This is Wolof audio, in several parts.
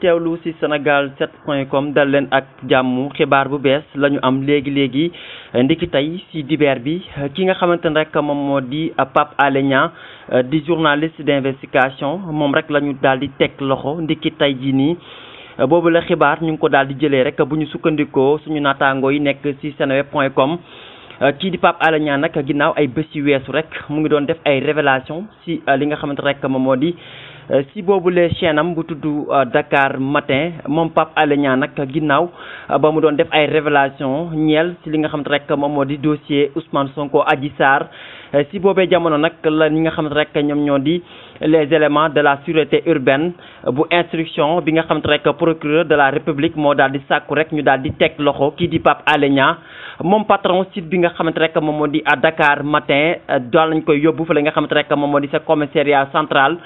teewlu ci Sénégal 7 point com dal leen ak jàmm xibaar bu bees la ñu am léegi léegi ndikki tey ci dibeer bi ki nga xamante ne rek moom moo di Pape Alé Niang di journaliste d'investigation moom rek la ñu daal di teg loxo ndikki tey jii nii. boobu la xibaar ñu ngi ko daal di jëlee rek bu ñu sukkandikoo suñu naataangoo yi nekk ci seneweb point com kii di pap Alé Niang nag ginnaaw ay bés yu weesu rek mu ngi doon def ay révélation ci li nga xamante rek moom moo di. si boobule chain am bu tuddu euh, Dakar Matin moom Pape Alé Niang nag ginnaaw euh, ba mu doon def ay révélation ñeel si li nga xam te rek moom moo di dossier Ousmane Sonko Adji Sarr Euh, si boobee jamono nag la ñi nga xam rek ñoom ñoo di les éléments de la sûreté urbaine euh, bu instruction bi nga xam rek procureur de la république moo daal di sàkku rek ñu daal di teg loxo kii di Pape Alé Niang moom patron site bi nga xamante rek moom moo di à Dakar matin euh, daal nañ koy yóbbu fa la nga xamante rek moom di sa commissariat central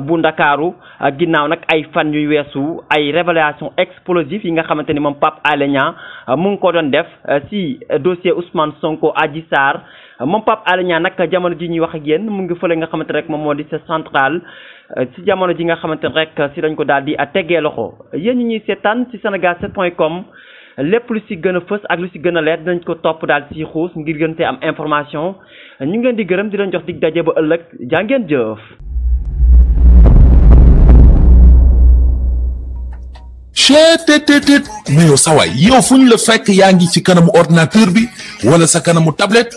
bu Ndakaaru ginnaaw nag ay fan yu weesu ay révélation explosive yi nga xamante ni moom Pape Alé Niang mu ngi ko doon def si dossier Ousmane Sonko Adji Sarr nag jamono ji ñuy wax ak yéen mu ngi fële nga xamante rek moom moo di sa centrale si euh, jamono ji nga xamante rek si lañ ko daal di tegee loxo yéen ñi ñuy seetaan si sénégal 7 point lépp lu si gën a fës ak lu si gën a leer dinañ ko topp daal si xuus ngir gën see am information ñu ngi leen di gërëm di jox dig daje ba ëllëg jàngeen jëf chetttt mais yow sawaay yow fu ñu la fekk yaa ngi ci kanamu ordinateur bi wala sa kanamu tablette